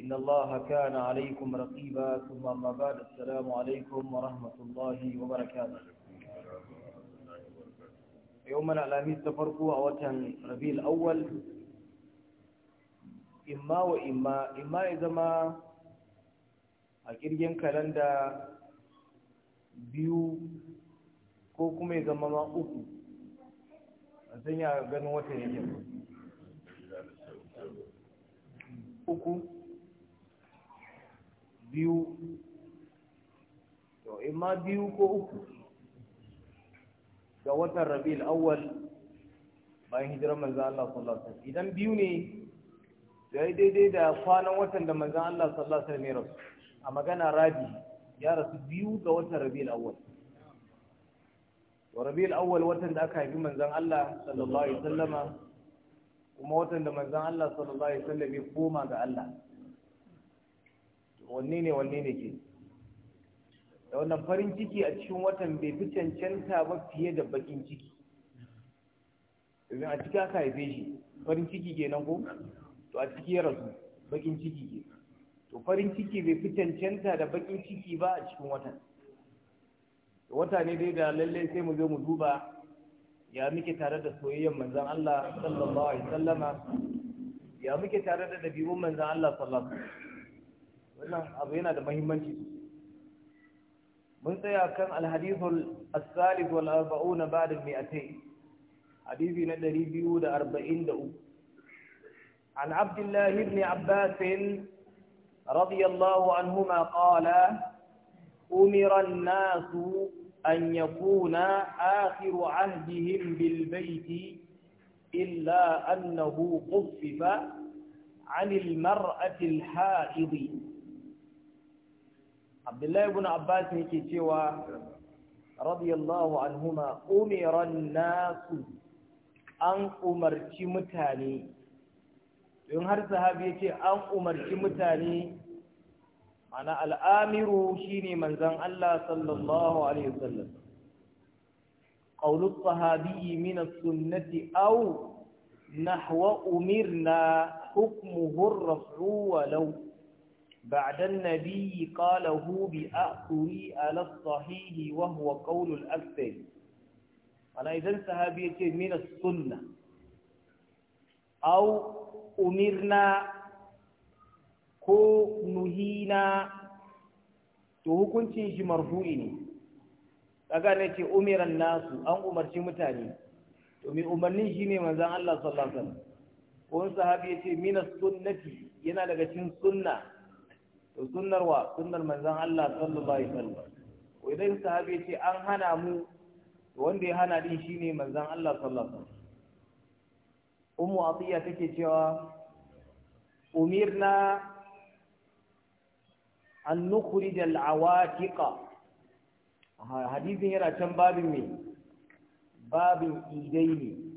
إن الله كان عليكم رقيبا ثم أما بعد السلام عليكم ورحمة الله وبركاته يومنا الأميس تفرقوا أوتا ربيع الأول إما وإما إما إذا ما أكيد كالندا biyu ko kuma ya zama ما uku a sanya ganin wata yake uku biyu to in ma biyu ko uku ga watan rabi'ul awwal bayan hijirar manzan Allah sallallahu alaihi wasallam idan biyu ne dai daidai da kwanan watan da manzan Allah sallallahu alaihi wasallam ya rasu a magana rabi ya rasu biyu ga watan rabi'ul awwal wa rabi'ul awwal watan da aka haifi manzan Allah sallallahu alaihi wasallama kuma watan da manzan Allah sallallahu alaihi wasallam ya koma ga Allah wanne ne wanne ne ke da wannan farin ciki a cikin watan bai fi cancanta ba fiye da bakin ciki domin a ciki aka haife shi farin ciki ke nan ko to a ciki ya rasu bakin ciki ke to farin ciki bai fi cancanta da bakin ciki ba a cikin watan wata ne dai da lalle sai mu zo mu duba ya muke tare da soyayyen manzan Allah sallallahu alaihi wasallama ya muke tare da dabi'un manzan Allah sallallahu alaihi wannan abu yana da muhimmanci mun tsaya kan alhadithul as-salif wal arba'un ba'da mi'atay hadithi na 243 an abdullah ibn abbas radiyallahu anhuma qala umira an-nas an yakuna akhiru ahdihim bil bayt illa annahu quffifa عن المرأة الحائض abdullahi ibn abbas yake cewa radiyallahu anhuma umiran nasu an umarci mutane don har sahabi yace an umarci mutane ana al'amiru shine manzon Allah sallallahu alaihi wasallam qawlu sahabi min as-sunnati aw nahwa umirna hukmuhu ar-raf'u walau بعد النبي قاله بأأثري على الصحيح وهو قول الأكثر أنا إذن صحابية من السنة أو أمرنا ko nuhina to hukuncin shi marfu'i ne kaga ne ce umiran an umarci mutane to mai umarnin shi ne manzon Allah sallallahu alaihi wasallam wani sahabi ya ce yana daga cikin sunna to sunnar wa sunnar manzon Allah sallallahu alaihi wasallam ko idan sahabi ce an hana mu wanda ya hana din shine manzon Allah sallallahu alaihi wasallam ummu atiya take cewa umirna an nukhrij al-awatiq hadithin yana can babin me babin idaini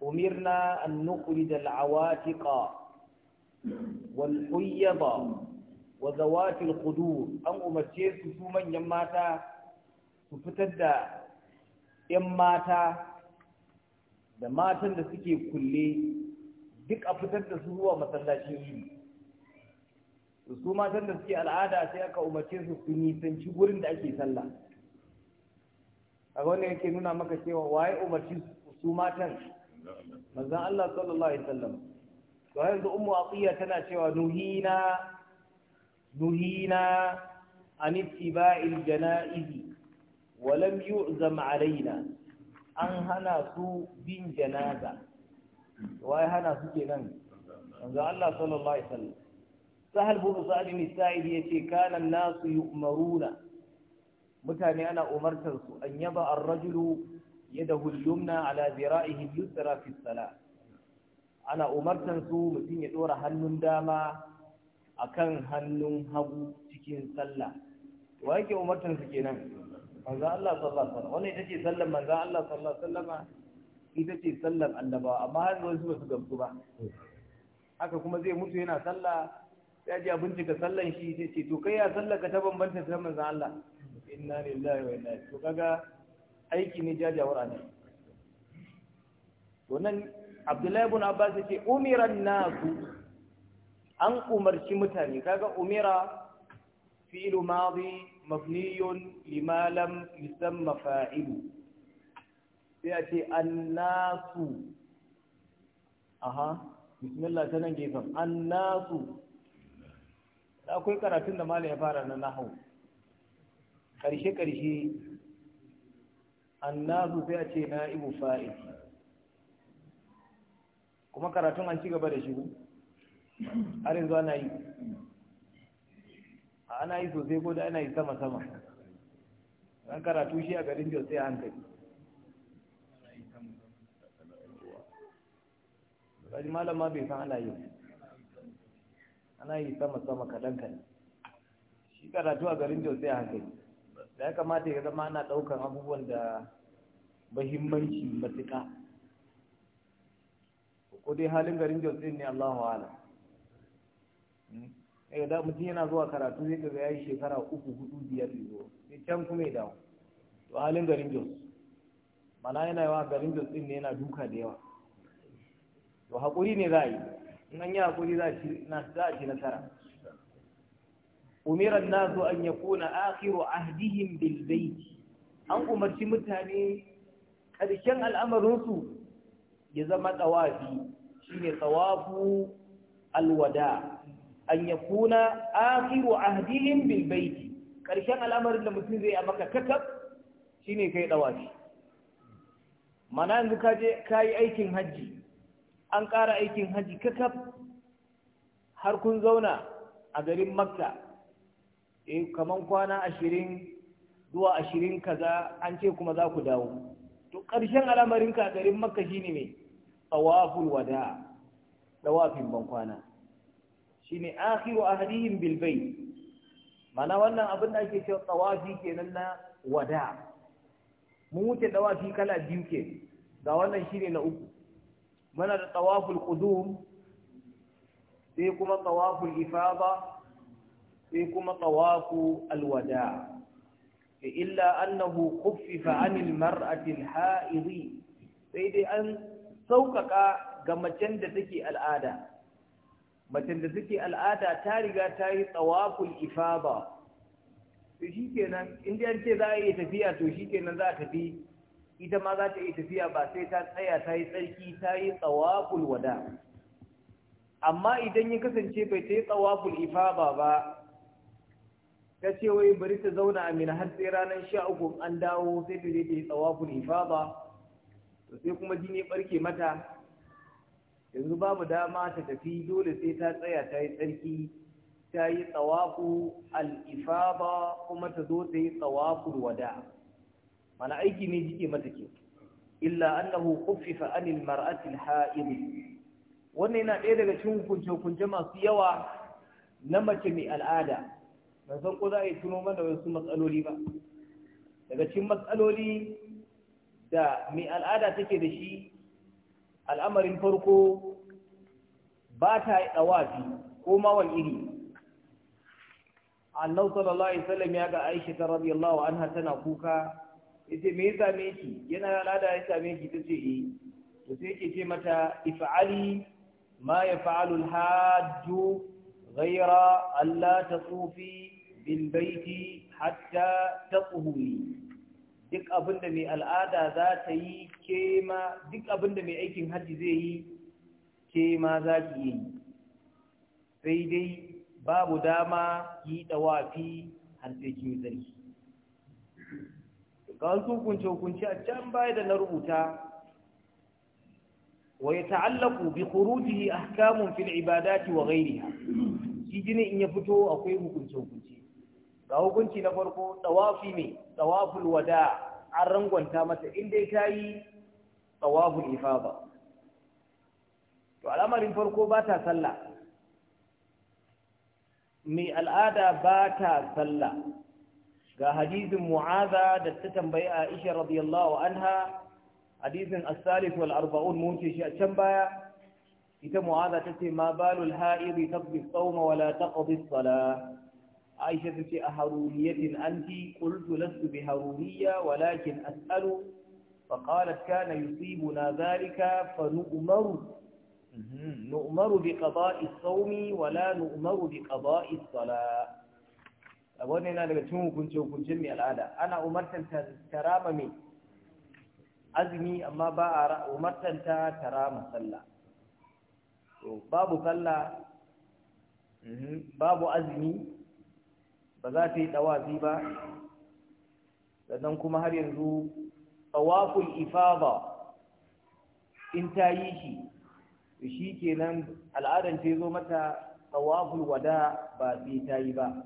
umirna an nukhrij al-awatiq wal huyaba wa zawatil qudur an umarce su su manyan mata su fitar da yan mata da matan da suke kulle duk a fitar da su zuwa masallacin yi su matan da suke al'ada sai aka umarce su su nisanci wurin da ake sallah a wannan yake nuna maka cewa waye umarci su matan manzon Allah sallallahu alaihi wasallam to yanzu ummu aqiya tana cewa nuhina نهينا عن اتباع الجنائز ولم يعزم علينا an hana su bin janaza ya hana su kenan manzo Allah sallallahu alaihi wasallam sahal bin sa'id bin sa'id yace kana nasu yu'maruna mutane ana umartar su an yaba ar-rajulu yadahu al-yumna ala zira'ihi al-yusra fi as ana umartar su mutum ya dora hannun dama akan hannun hagu cikin sallah wa yake umartar su kenan manzo Allah sallallahu alaihi wasallam wannan ita ce sallar manzo Allah sallallahu alaihi wasallam ita ce sallar annaba amma har yanzu ba su gamsu ba haka kuma zai mutu yana sallah sai ji abin cika sallan shi sai ce to kai ya sallar ka ta bambanta ta manzo Allah inna lillahi wa inna ilaihi to kaga aiki ne jajawar annabi to nan Abdullahi ibn Abbas yake umiran nasu an umarci mutane kaga umira fi'lu madi mabniyun limalam yusamma fa'ilu sai a ce annasu aha bismillah ta nan gefen annasu akwai karatun da malam ya fara na nahau karshe karshe annasu sai a ce na'ibu fa'il kuma karatun an ci gaba da shi har yanzu ana yi ana yi sosai ko da ana yi sama-sama ran karatu shi a garin jos sai hankali kaji malam ma bai san ana yi ana yi sama-sama kaɗan-kaɗan shi karatu a garin jos sai hankali da ya kamata ya zama ana ɗaukan abubuwan da mahimmanci matuƙa ko dai halin garin jos ne allahu alam Eh, da mutum yana zuwa karatu zai ga yayi shekara uku hudu biyar da zo sai can kuma ya dawo to halin garin jos mana yana yawa garin jos din ne yana duka da yawa to hakuri ne za a yi in an yi hakuri za a ci nasara umira nasu an yakuna akhiru ahdihim bil bayt an umarci mutane al'amarin su ya zama tsawafi shine tawafu alwada an yakuna akhiru ahdihim bil bilbaiki. karshen al'amarin da mutum zai a maka kakab shine kai dawashi mana yanzu ka je kayi aikin hajji an ƙara aikin hajji kakaf har kun zauna a garin makka eh kaman kwana ashirin zuwa ashirin kaza an ce kuma za ku dawo to karshen al'amarinka a garin makka shine mai tsawaful wada tsawafin bankwana shine akhiru a bil bayt mana wannan abin da ake cewa tawafi kenan na wada mun wuce tawafi kala biyu ke ga wannan shine na uku muna da tawaful qudum sai kuma tawaful ifada sai kuma tawafu alwada illa annahu khuffifa anil mar'ati alha'idi sai dai an sauƙaƙa ga macen da take al'ada macen da suke al'ada ta riga ta yi tsawaful ifaba to shi kenan inda ce za a iya tafiya to shi kenan za a tafi ita ma za ta iya tafiya ba sai ta tsaya ta yi tsarki ta yi tsawaful wada amma idan ya kasance bai ta yi tsawaful ifaba ba ta ce wai bari ta zauna a mina har sai ranar sha uku an dawo sai ta je ta yi tsawaful ifaba to sai kuma jini barke mata yanzu babu dama ta tafi dole sai ta tsaya ta yi tsarki ta yi tsawafu al'ifaba kuma ta zo ta yi tsawaful wada mana aiki ne jike mata ke illa annahu kuffifa anil mar'atil ha'ir. wannan yana ɗaya daga cikin hukunce-hukunce masu yawa na mace mai al'ada ban san ko za a yi tuno mana wasu matsaloli ba daga cikin matsaloli da mai al'ada take da shi al'amarin farko ba ta yi ɗawafi ko mawan iri annabi sallallahu alaihi wasallam ya ga Aisha ta an har tana kuka yace me ya same ki yana al'ada ya same ki tace eh to sai ke ce mata if'ali ma yaf'alu al-hajj ghayra alla tsofi bil baiti hatta tatuhuri duk abin mai al'ada za ta yi ke ma duk abin mai aikin hajji zai yi ke ma za ki yi sai dai babu dama yi ɗawafi har sai kin zarki ga wasu hukunce hukunci a can baya da na rubuta wa ya ta'allaku bi khurujihi ahkamun fil ibadati wa ghayriha shi jini in ya fito akwai hukunce-hukunce ga hukunci na farko tawafi ne tawaful wada an rangwanta mata in dai ta yi ifa ba to al'amarin farko ba ta sallah mai al'ada ba ta sallah ga hadizin mu'aza da ta tambayi aisha radiyallahu anha hadisin as wal arba'un mun shi a can baya ita mu'aza ta ce ma balul ha'iri taqdi as-sawma wala la taqdi aisha ta ce a haruriyatin anti qultu lastu bi haruriyya walakin as'alu fa qalat kana na zarika fa nu'maru mhm, nu'maru bi qada'i as-sawmi wa la nu'maru bi qada'i as-salah wannan yana daga cin hukunce hukuncin mai al'ada ana umartanta ta rama mai azumi amma ba a umartanta ta rama sallah babu sallah mhm, babu azumi ba za ta yi ɗawafi ba sannan kuma har yanzu tsawaful ifaba in ta yi shi shi kenan al'adar ta zo mata tsawaful wada ba sai ta yi ba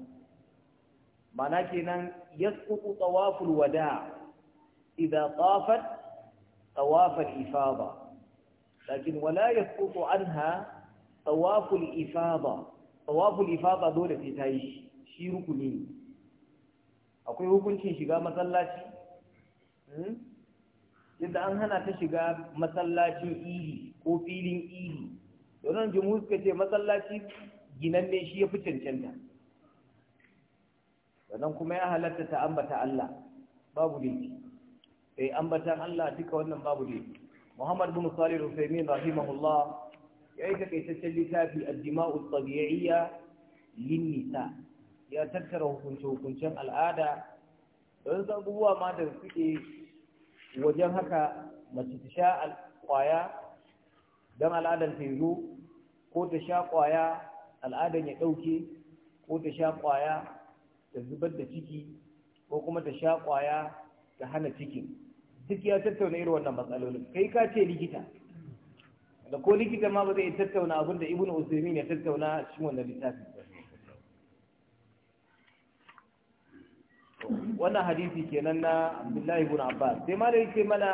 mana ke nan ya tsuku tsawaful wada idan tsafat tsawaful ifaba lakin wala ya tsuku yasqutu anha tsawaful ifaba tsawaful ifaba dole sai ta yi shi shi rukuni akwai hukuncin shiga masallaci hmm? yadda an hana ta shiga masallacin iri ko filin iri domin jimu suka ce masallaci ne shi ya fi cancanta sannan kuma ya halatta ta ambata Allah babu laifi sai eh, ambatan Allah duka wannan babu laifi Muhammad bin Salih Al-Uthaymeen rahimahullah ya yi takaitaccen littafi ad jima'u at-tabi'iyya lin-nisa' ya tattara hukunce-hukuncen al'ada don zan abubuwa ma da suke wajen haka mace ta sha kwaya don al'adar ta zo ko ta sha kwaya al'adar ya ɗauke ko ta sha kwaya ta zubar da ciki ko kuma ta sha kwaya ta hana cikin duk ya tattauna irin wannan matsalolin kai ka ce likita da ko likita ma ba zai tattauna abinda da ibnu usaimin ya tattauna cikin wannan littafin wannan hadisi kenan na abdullahi ibn abbas sai ma ce mana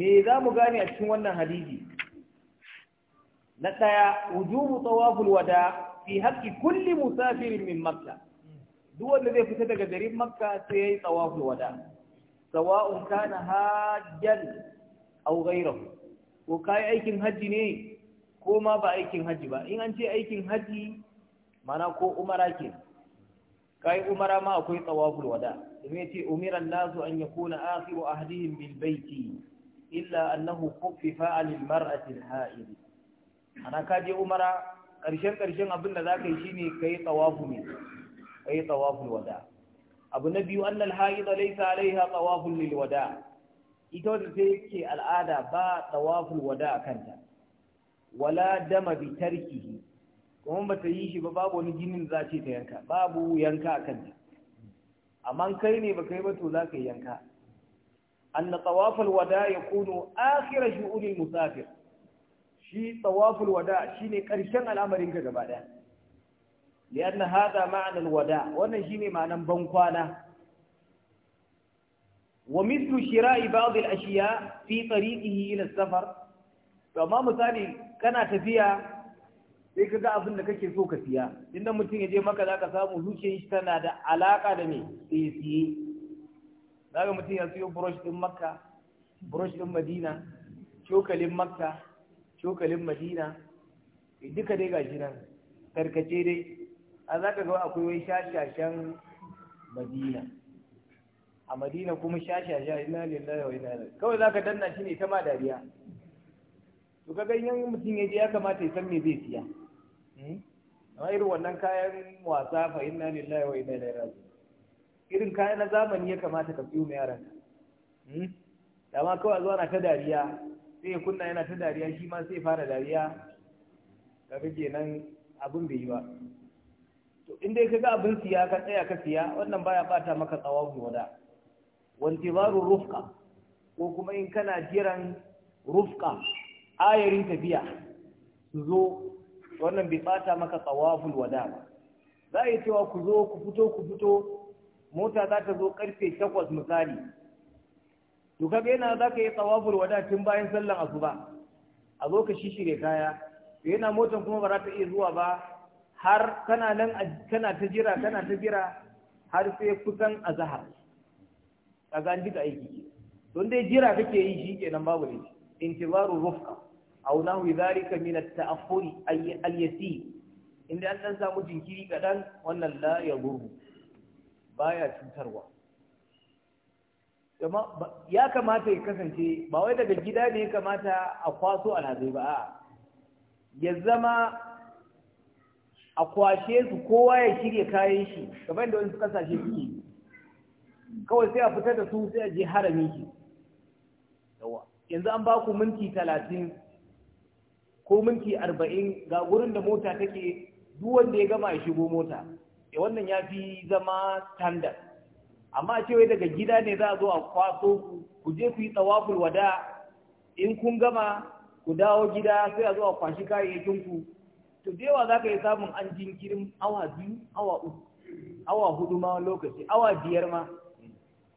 me za mu gane a cikin wannan hadisi na ɗaya wujubu tawaful wada fi haƙƙi kulli musafirin min makka duk wanda zai fita daga garin makka sai yayi tawaful wada sawa'un kana hajjan aw ghayruhu ko kai aikin haji ne ko ma ba aikin haji ba in an ce aikin haji mana ko umara kenan kai umara ma akwai tsawaful wada domin yace umiran nasu an yakuna akhiru ahdihim bil baiti illa annahu khuffifa 'anil mar'ati al ha'id ana ka je umara karshen karshen abin da zaka yi shine kai tawafu ne kai tawaful wada abu na biyu annal ha'id laysa 'alayha tawafun lil wada ita wanda take al'ada ba tawaful wada kanta wala dama bi tarkihi kuma ba ta yi shi ba babu wani ginin za ce ta yanka babu yanka a kanta amma kai ne ba kai ba to za ka yi yanka an na tsawafin wada ya kuno akira shi'unin musafir shi tsawafin wada shi ne ƙarshen al'amarin ka gaba ɗaya liyan na haɗa ma'anar wada wannan shi ne ma'anar bankwana wa mitu shira'i ba ashiya fi yi na safar to misali kana tafiya sai ka ga abin da kake so ka siya inda mutum ya je maka za ka samu zuciyar shi tana da alaka da ne sai siye za ga mutum ya siyo brush din makka brush din madina cokalin makka cokalin madina eh, duka dai ga nan tarkace dai a za ka ga akwai wai shashashen madina a madina kuma shashasha ina lillahi wa ina ilaihi kawai za ka danna shi ne ta ma dariya to kaga yan mutum ya je ya kamata ya san me zai siya Hmm? amma irin wannan kayan wasa fa inna lillahi wa inna ilaihi raji'un irin kayan na zamani ya kamata ka siyo mai yaran hmm? Dama kawai zuwa na ta dariya sai ya kunna yana ta dariya shi ma sai fara dariya ka kake nan abin bai yi ba to in dai kaga abin siya ka tsaya ka siya wannan baya bata maka tsawon wanti wantibaru rufka? ko kuma in kana jiran rufka ayarin tafiya su zo wannan bai bata maka tsawaful wada ba za a yi cewa ku zo ku fito ku fito mota za ta zo karfe takwas misali to kaga yana za ka yi tsawaful wada tun bayan sallan ba, a zo ka shishire kaya to yana motan kuma ba za ta iya zuwa ba har kana nan kana ta jira kana ta jira har sai kusan azahar kaga an aiki don dai jira kake yi shi kenan babu ne intizaru rufka. aw nahu dhalika min at-ta'akhkhur al-yasir inda an dan samu jinkiri kaɗan, wannan la ya gurbu baya cutarwa ya kamata ya kasance ba wai daga gida ne ya kamata a kwaso alhazai ba a ya zama a kwashe su kowa ya shirya kayan shi kamar da wani kasashe suke kawai sai a fitar da su sai a je harami yanzu an baku minti talatin ko minti arba'in ga gurin da mota take duk wanda ya gama ya shigo mota ya eh, wannan ya fi zama standard amma a cewa daga gida ne za a zo a kwaso ku je ku yi tsawafin wada in kun gama ku dawo gida sai a zo a kwashi kayayyakin ku to da yawa za ka yi samun an jinkirin awa biyu awa uku awa hudu ma lokaci awa biyar ma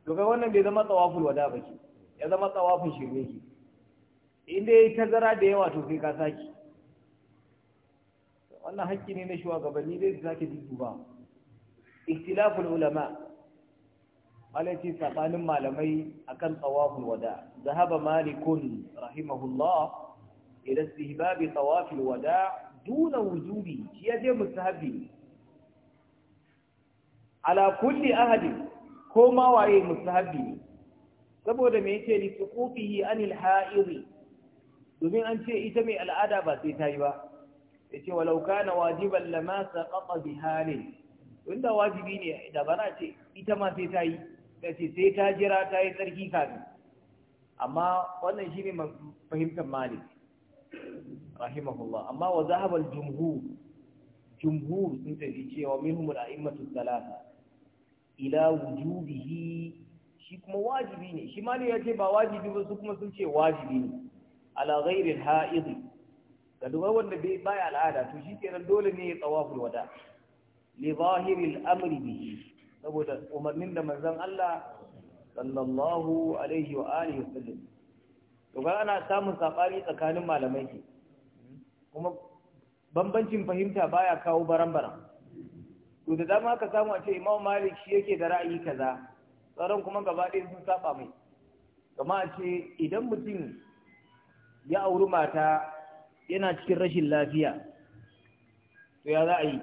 to kai wannan bai zama tsawafin wada ba ke ya zama tsawafin shirme ke inda ya yi tazara da yawa to kai ka saki wannan haƙƙi ne na shugabanni zai su sake ba. ikhtilaful ulama alaiti tsakanin malamai akan tsawafin wada zahaba malikun rahimahullah ila istihbabi tsawafin wada duna wujubi shi ya je mustahabi ala kulli ahadi ko ma waye mustahabi saboda me yake li tuqufihi anil ha'iri domin an ce ita mai al'ada ba sai ta yi ba ya ce walau kana wajiban lama bi hane? inda wajibi ne da na ce ita ma sai ta yi Ya ce sai ta jira ta yi tsarki kafin amma wannan shi shine fahimtar malik rahimahullah amma wa zahabar jumhur jumhur sun tafi cewa minhum al-a'immatu salata ila wujubihi shi kuma wajibi ne shi malik ya ce ba wajibi ba su kuma sun ce wajibi ne ala ghairil ha'id ga duba wanda bai baya al'ada to shi kenan dole ne ya tsawaful wada li zahiril amri bi saboda umarnin da manzon Allah sallallahu alaihi wa alihi wasallam to ga ana samun sabani tsakanin malamai ke kuma bambancin fahimta baya kawo barambara to da dama ka samu a ce imam malik shi yake da ra'ayi kaza tsaron kuma gaba ɗaya sun saba mai kama a ce idan mutum ya auri mata yana cikin rashin lafiya to ya za a yi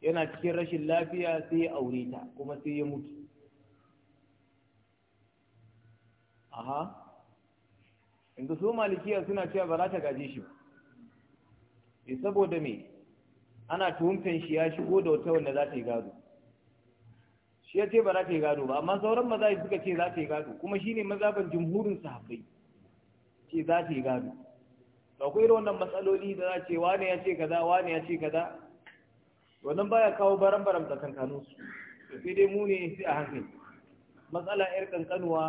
yana cikin rashin lafiya sai ya aure ta kuma sai ya mutu aha inda su malikiya suna cewa ba za ta gaje shi ba eh, saboda me ana tuhumtan shi ya shigo da wata wanda za ta yi gado shi ya ce ba za ta yi gado ba amma sauran maza suka ce za ta yi gado kuma shine mazaban jumhurin sahabbai ce za ta yi gado akwai irin wannan matsaloli da za ce wane ya ce kaza wane ya ce kaza wannan baya kawo baran baran kankanu su da fi dai muni ne sai a hankali matsala yar kankanuwa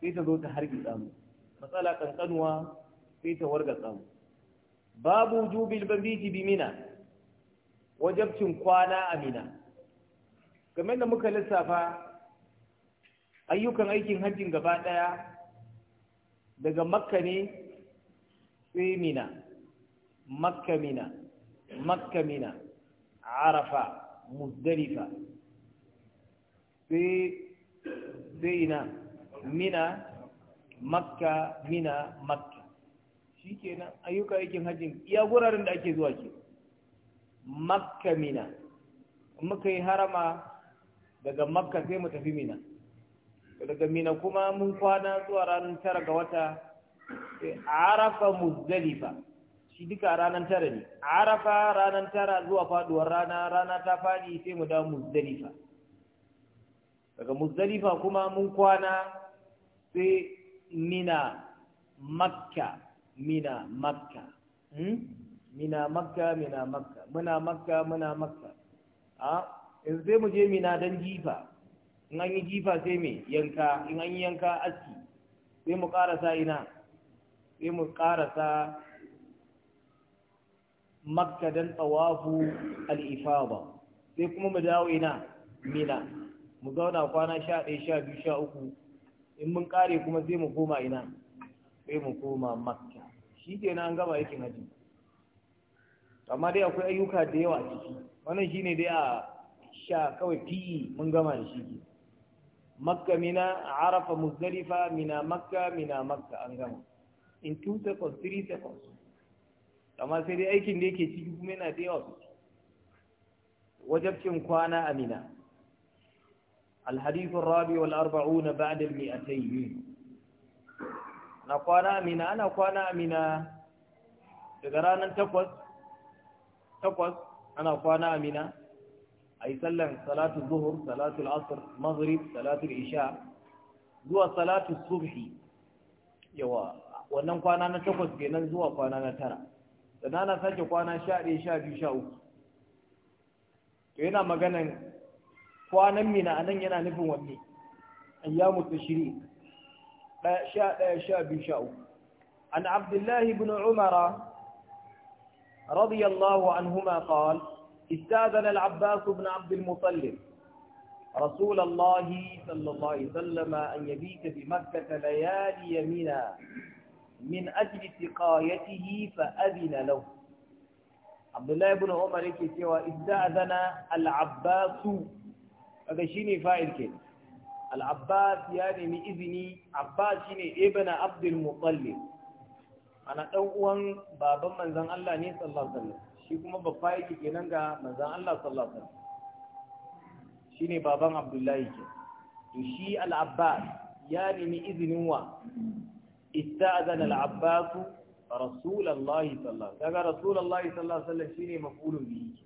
sai ta zo ta harbi tsamu matsala kankanuwa sai ta warga tsamu babu jubil babiji bi mina wajabcin kwana a mina kamar da muka lissafa ayyukan aikin hajjin gaba ɗaya, daga makka ne sai mina makka mina makka mina arafa muzdalifa sai na mina makka mina makka shikenan ayyuka aikin hajjin iya guraren da ake zuwa ke makka mina muka yi harama daga makka sai mu tafi mina daga mina kuma mun kwana zuwa ranar tara ga wata arafa muzdalifa shi duka ranar tara ne arafa ranar tara zuwa faduwar rana rana ta fadi sai mu dawo muzdalifa daga muzdalifa kuma mun kwana sai mina makka mina makka hmm? mina makka mina makka muna makka muna makka a ah, yanzu sai mu je mina don jifa in an yi jifa sai mai yanka in an yi yanka aski sai mu karasa ina sai mu karasa makka don tsawafu al'ifaba sai kuma mu dawo ina mina mu zauna kwana sha ɗaya sha biyu sha uku in mun kare kuma sai mu koma ina sai mu koma makka shi ke na an gaba yakin haji amma dai akwai ayyuka da yawa ciki wannan shine dai a sha kawai fiye mun gama da shi ke makka mina arafa muzdalifa mina makka mina makka an gama in 2 seconds 3 seconds amma sai dai aikin da yake ciki kuma yana da yawa wajabcin kwana a mina الحديث الرابع والأربعون بعد المئتين نقوانا أمنا نقوانا أمنا تقرانا تقوز تقوز أنا قوانا أمنا a yi sallar salatu zuhur salatu asr maghrib salatu isha zuwa salatu subhi yawa wannan kwana na takwas kenan zuwa kwana na tara sannan na sake kwana sha ɗaya sha biyu sha uku to yana maganan kwanan mina anan yana nufin wanne ayyamu tashri sha ɗaya sha biyu sha uku an abdullahi ibn umara radiyallahu anhuma qala استاذنا العباس بن عبد المطلب رسول الله صلى الله عليه وسلم أن يبيت بمكة ليالي يمينا من أجل سقايته فأذن له عبد الله بن عمر سوى استاذنا العباس هذا شيني فاعل كيف العباس يعني من إذني عباس شيني ابن عبد المطلب أنا أول بابا من زن الله صلى الله عليه وسلم shi kuma babba yake kenan ga manzan Allah sallallahu alaihi wasallam shine baban Abdullahi ke to shi al-Abbas ya nemi izinin wa ista'zana al-Abbas rasulullahi sallallahu daga rasulullahi sallallahu alaihi wasallam shine maf'ulun bihi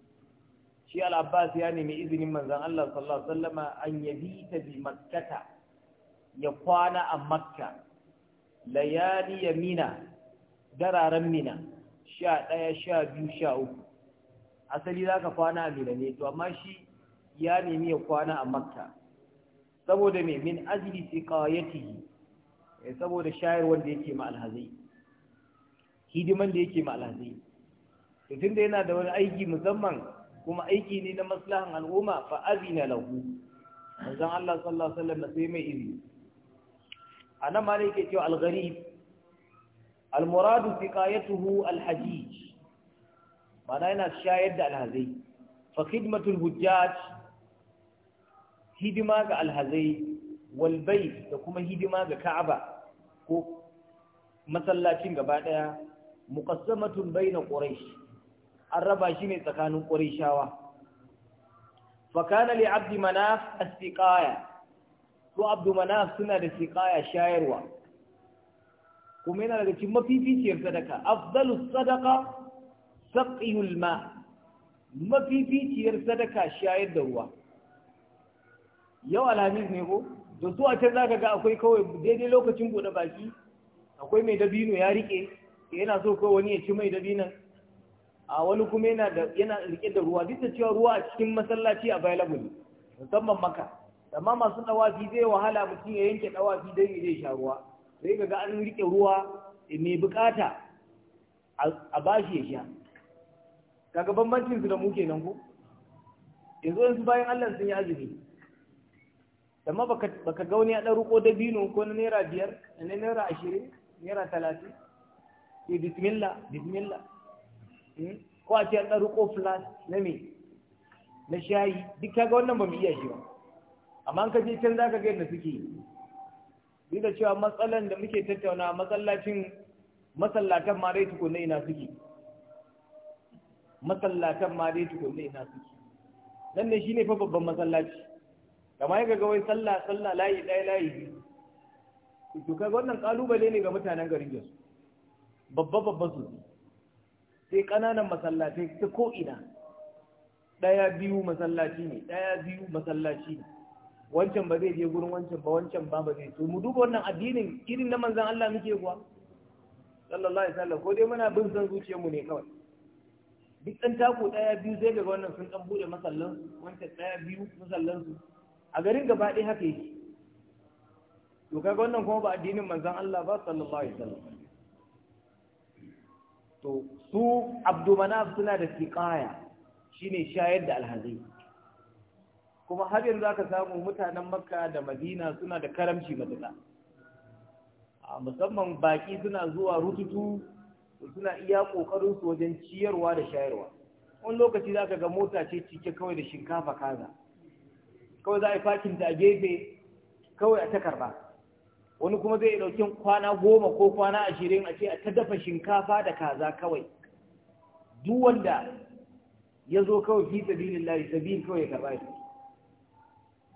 shi al-Abbas ya nemi izinin manzan Allah sallallahu alaihi wasallama an yabita bi makkata ya kwana a makka layali yamina dararen mina sha ɗaya sha biyu sha uku asali za ka kwana a milane to amma shi ya nemi ya kwana a makka saboda mai min azili sai kawayatihi eh, saboda shayar wanda yake ma alhazai hidiman da yake ma alhazai to tunda yana da wani aiki musamman kuma aiki ne na maslahan al'umma fa azina lahu manzon Allah sallallahu alaihi wasallam sai mai izini anan ma ne yake cewa al-gharib almuradu siqayatuhu alhajij mana yana shayar da alhazai fa khidmatul hujjaj hidima ga alhazai wal da kuma hidima ga ka'aba ko masallacin gaba daya muqassamatun bayna quraish an raba shi ne tsakanin qurayshawa fa kana li abdi manaf as to abdu manaf suna da siqaya shayarwa kuma yana daga cikin mafificiyar sadaka afdalus sadaka saqiyul ma mafificiyar sadaka shayar da ruwa yau alhamis ne ko da zuwa can zaka ga akwai kawai daidai lokacin bude baki akwai mai dabino ya rike yana so kawai wani ya ci mai dabinan a wani kuma yana da yana rike da ruwa duk cewa ruwa a cikin masallaci a available musamman maka amma masu dawafi zai wahala mutum ya yanke dawafi dan ya sha ruwa sai ga an rike ruwa mai bukata a bashi ya sha kaga bambancin su da muke kenan ko yanzu yanzu bayan Allah sun yi azumi amma baka ga wani ya dan ruko dabino ko na naira biyar na naira ashirin naira talatin sai eh, bismillah bismillah hmm? ko a ce an dan ruko flas na me na shayi duk kaga wannan ba mu iya shi ba amma an kaje je can zaka ga yadda suke duk da cewa matsalan da muke tattauna matsalacin masallatan ma dai tukunne ina suke masallatan ma dai tukunne ina suke nan ne shine fa babban masallaci kamar yadda ga wai sallah sallah layi ɗaya layi biyu to kaga wannan kalubale ne ga mutanen garin Jos babba babba su sai kananan masallatai ta ko ina ɗaya biyu masallaci ne ɗaya biyu masallaci ne wancan ba zai je gurin wancan ba wancan ba ba zai to mu duba wannan addinin irin na manzon Allah muke kuwa sallallahu alaihi wasallam ko dai muna bin san zuciyar mu ne kawai duk dan taku daya biyu sai daga wannan sun dan bude masallan wancan daya biyu masallan su a garin gaba ɗaya haka yake to kaga wannan kuma ba addinin manzon Allah ba sallallahu alaihi wasallam to su manaf suna da tiqaya shine shayar da alhazai kuma har yanzu aka samu mutanen makka da madina suna da karamci A musamman baƙi suna zuwa rututu suna iya ƙoƙarinsu wajen ciyarwa da shayarwa wani lokaci za ka ga mota ce cike kawai da shinkafa kaza kawai za a yi fakin ta a gefe kawai a takarba, wani kuma zai ɗauki kwana goma ko kwana ashirin a ce a ta dafa shinkafa da kaza kawai duk wanda ya zo kawai fi sabilin lari sabi kawai ya shi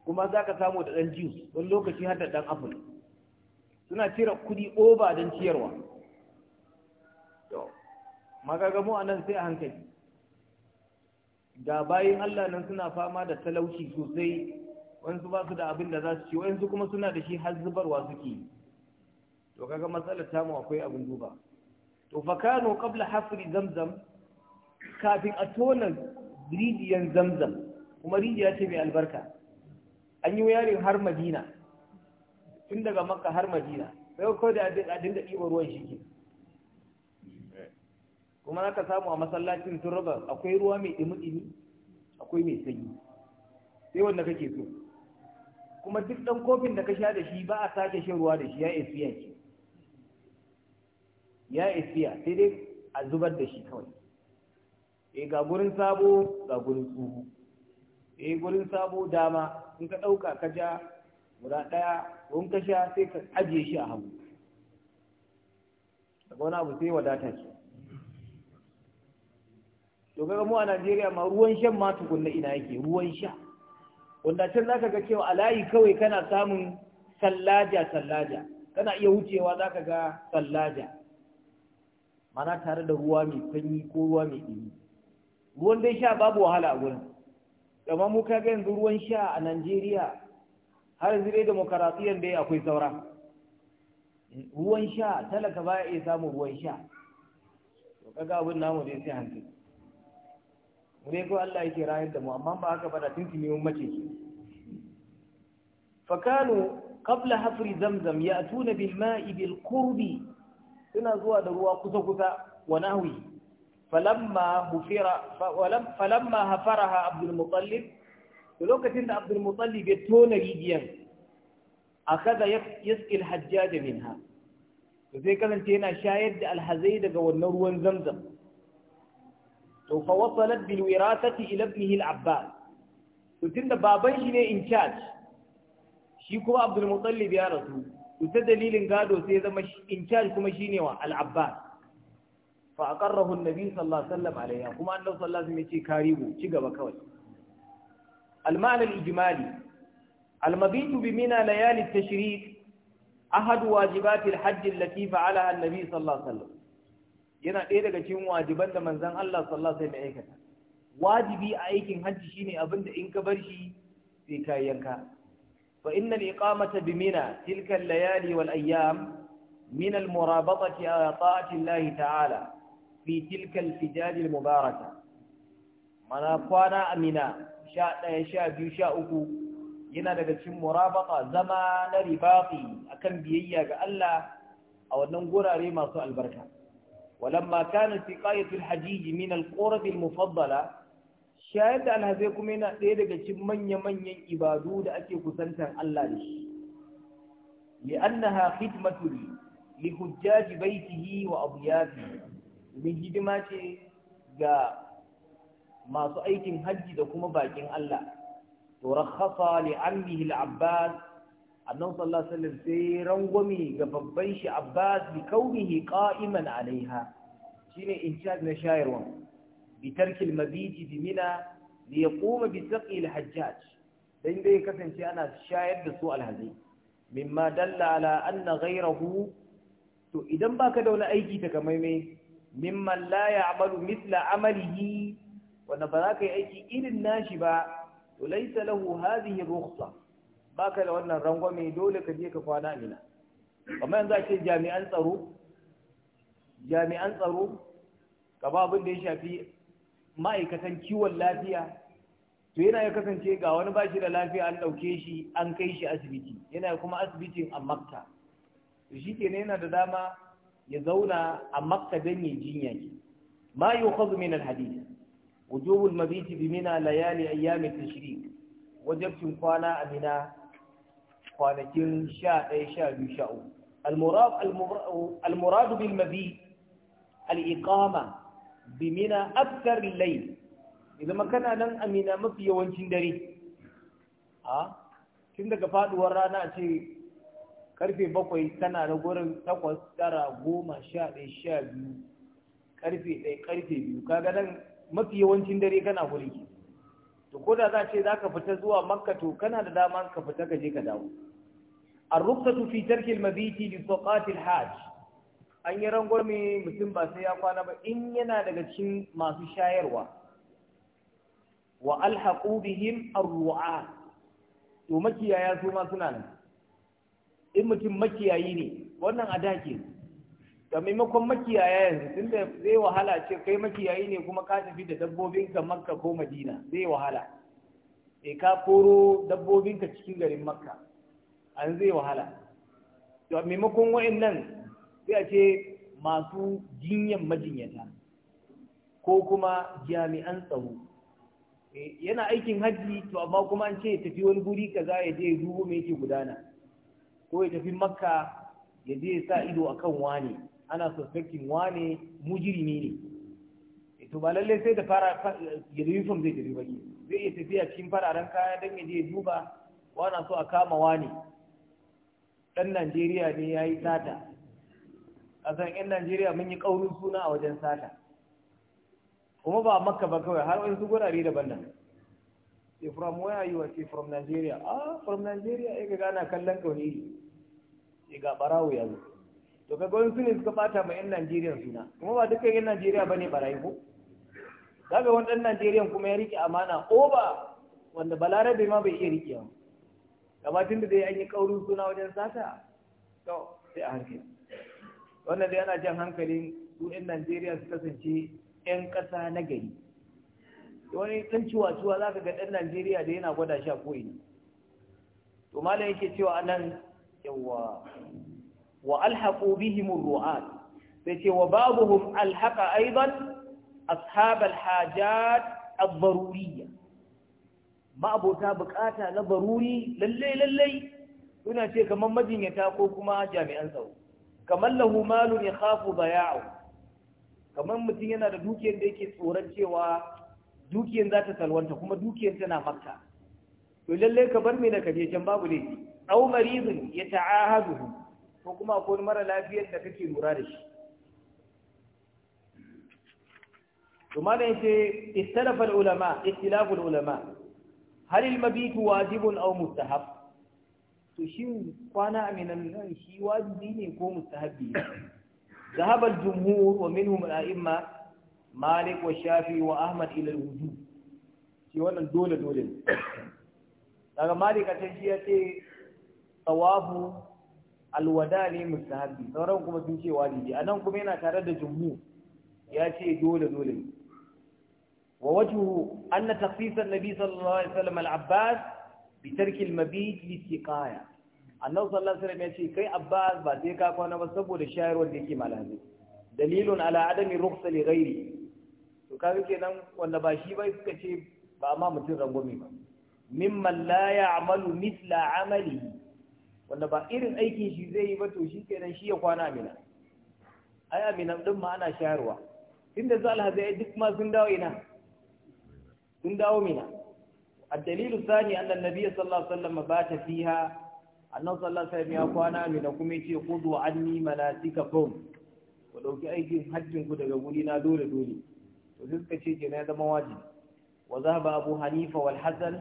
kuma za ka samu da ɗan jiyus wani lokaci har da ɗan apple suna cire kuɗi oba don ciyarwa magagamu a nan sai a hankali ga bayan allah nan suna fama da talauci sosai wansu ba su da abin da za su ci wansu kuma suna da shi har zubarwa suke to kaga matsalar tamu akwai abin duba to fakano kabla hafri zamzam kafin a tona rijiyar zamzam kuma rijiya ce mai albarka an yi yarin har madina tun daga makka har madina sai ko da a dinda ɗiba ruwan shi ke kuma za ka samu a masallacin sun raba akwai ruwa mai ɗimi-ɗimi akwai mai sanyi sai wanda kake so kuma duk ɗan kofin da ka sha da shi ba a sake shan ruwa da shi ya esiya ke ya esiya sai dai a zubar da shi kawai e ga gurin sabo ga gurin tsoho eh gurin sabo dama in ka ɗauka ka ja guda ɗaya in ka sha sai ka ajiye shi a hagu daga wani abu sai wadata ce. to ga mu a Najeriya ma ruwan shan ma tukunna ina yake ruwan sha wanda can zaka ga cewa a layi kawai kana samun sallaja sallaja kana iya wucewa zaka ga sallaja mana tare da ruwa mai sanyi ko ruwa mai iri. ruwan dai sha babu wahala a gurin kamar muka ga yanzu ruwan sha a Najeriya har yanzu dai demokaratiyyar dai akwai saura ruwan sha talaka baya iya samun ruwan sha to kaga abin namu dai sai hankali mu ne ko Allah yake rayar da mu amma ba haka ba da tuntuni mun mace ki fakanu qabla hafri zamzam ya'tuna bil ma'i bil qurbi suna zuwa da ruwa kusa kusa wa nahwi فلما هفر فلم فلما هفرها عبد المطلب ولو لوكة عبد المطلب يتون ريجيا أخذ يسقي الحجاج منها وزي انت هنا شايد الحزيدة والنور والزمزم فوصلت بالوراثة إلى ابنه العباس وتند بابين هنا إنشاج شيكو عبد المطلب يا رسول وتدليل قادو سيزم إنشاج كما شيني العباس fa aqarrahu an-nabi sallallahu alaihi wasallam alaiha kuma annabi sallallahu alaihi wasallam ya ce karibu ci gaba kawai al-ma'na al-ijmali al-mabitu bi mina layali at-tashriq ahad wajibat al-hajj allati fa'alaha an-nabi sallallahu alaihi wasallam yana ɗaya daga cikin wajiban da manzon Allah sallallahu alaihi wasallam ya aikata wajibi a aikin hajji shine abinda in ka bar shi sai ka yanka فإن الإقامة بمنى تلك الليالي Min من المرابطة على طاعة الله ta'ala. fi tilkal mubaraka mana kwana amina sha ɗaya sha biyu sha uku yana daga cikin murabata zama na ribaɓi akan biyayya ga Allah a wannan gurare masu albarka walamma kana fi qayatul hajij min alqurab almufaddala shayar da alhazai kuma yana ɗaya daga cikin manya-manyan ibadu da ake kusantar Allah da shi. Li'annaha khidmatu li hujjaji baitihi wa abiyati domin hidima ce ga masu aikin hajji da kuma bakin Allah to rakhasa li ammihi al-abbas annabi sallallahu alaihi wasallam sai rangwami ga babban shi abbas bi kaunihi qa'iman alaiha shine in charge na shayarwa. bi tarki al-mabiti bi mina li yaquma bi saqi al-hajjaj dan dai kasance ana shayar da su alhazai mimma dalla ala anna ghayrahu to idan baka da wani aiki ta kamaimai mimman la ya'malu mithla amalihi wanda ba za ka yi aiki irin nashi ba to laisa lahu hadhihi rukhsa baka da wannan rangwame dole ka je ka kwana mina kamar yanzu a ce jami'an tsaro jami'an tsaro ka ba abin da ya shafi ma'aikatan kiwon lafiya to yana ya kasance ga wani ba shi da lafiya an ɗauke shi an kai shi asibiti yana kuma asibitin a makta to shi kenan yana da dama ya zauna a makka don ya jinya ki ma yukhadhu min alhadith wujubul mabiti bi mina layali ayyami tashrik Wajabcin kwana a mina kwanakin sha ɗaya sha biyu sha uku المراد بالمبيت الإقامة بمنى أكثر الليل إذا ما كان nan Amina mafi yawancin dare. tun daga faduwar rana a ce karfe bakwai tana da gurin takwas tara goma sha ɗaya sha biyu karfe ɗaya karfe biyu kaga nan mafi yawancin dare kana gurin ki to ko da za ce za ka fita zuwa makka to kana da dama ka fita ka je ka dawo الرخصة في ترك المبيت لسقاط hajj an yi rangwame mutum ba sai ya kwana ba in yana daga cikin masu shayarwa wa alhaqu bihim ar-ru'a to makiyaya su ma suna nan in mutum makiyayi ne wannan a da ke ga maimakon makiyaya yanzu tunda zai wahala ce kai makiyayi ne kuma ka tafi da dabbobinka makka ko madina zai wahala e ka koro dabbobinka cikin garin makka an zai wahala to maimakon wa'annan sai a ce masu jinyan majinyata ko kuma jami'an tsaro eh, yana aikin hajji to amma kuma an ce tafi wani guri kaza ya je dubo me yake gudana ko ya tafi makka ya je ya sa ido kan wane ana suspecting wane mujirimi ne eh, to ba lallai sai da fara ya zai tafi baki zai iya tafiya cikin fararen kaya don ya je ya duba wana so a kama wane ɗan Najeriya ne ya yi sata ƙasar 'yan Najeriya mun yi ƙaurin suna a wajen sata kuma ba makka ba kawai har wani su gurare daban-daban say from where are you I say from Nigeria ah from Nigeria ai kaga ana kallon ka wani sai ga barawo ya zo to kaga wani sune suka bata ma yan Najeriya suna kuma ba dukkan yan Najeriya bane barayi ko kaga wani dan Najeriya kuma ya rike amana over wanda balarabe ma bai iya rike ba gabatin da dai an yi kaurin suna wajen sata to sai a hankali wannan dai ana jan hankalin su 'yan najeriya su kasance 'yan ƙasa na gari wani ɗan ciwa-ciwa za ka ga ɗan najeriya da yana gwada sha koyi to malam yake cewa anan yawa wa alhaqu bihim Ru'an. sai ce wa babuhum alhaqa aidan ashab a baruri. daruriyya ma'abota bukata na baruri lallai-lallai. suna ce kamar majinyata ko kuma jami'an tsaro kamar lahu malun kafu baya'u kamar mutum yana da dukiyar da yake tsoron cewa dukiyar za ta salwanta kuma dukiyar tana makka to lalle ka bar mai da kaje can babu ne au maridun ya ta'ahaduhu ko kuma akwai mara lafiyar da kake lura da shi to malam yace istalafa ulama istilafu ulama hal al mabit wajibun aw mustahab to shin kwana aminan nan shi wajibi ne ko mustahabi ذهب الجمهور ومنهم a'imma malik wa shafi wa ahmad ila wannan dole dole daga malik a can ya ce tawafu alwada ne mustahabi sauran kuma sun ce wajibi anan kuma yana tare da jumhu ya ce dole dole ne ووجهه أن تخصيص النبي صلى الله عليه وسلم العباس بترك المبيت للسقاية أنه صلى الله عليه وسلم يقول كي عباس بعد ذلك أكون بسبب الشاعر والذكي مع الهزي دليل على عدم الرخصة لغيره to kaga kenan wanda ba shi ba suka ce ba amma mutum rangwame ba mimman la ya'malu misla amali. wanda ba irin aikin shi zai yi ba to shi kenan shi ya kwana amina ai amina din ma ana shayarwa tunda su alhazai duk ma sun dawo ina sun dawo mina الدليل الثاني أن النبي صلى الله عليه وسلم بات فيها أنه صلى الله عليه وسلم يقول من كميتي خذوا عني مناسككم ولو كأيكم حج كنت قولنا دولة دولي to sai suka ce kenan ya zama wajibi wa zahaba abu hanifa wal hasan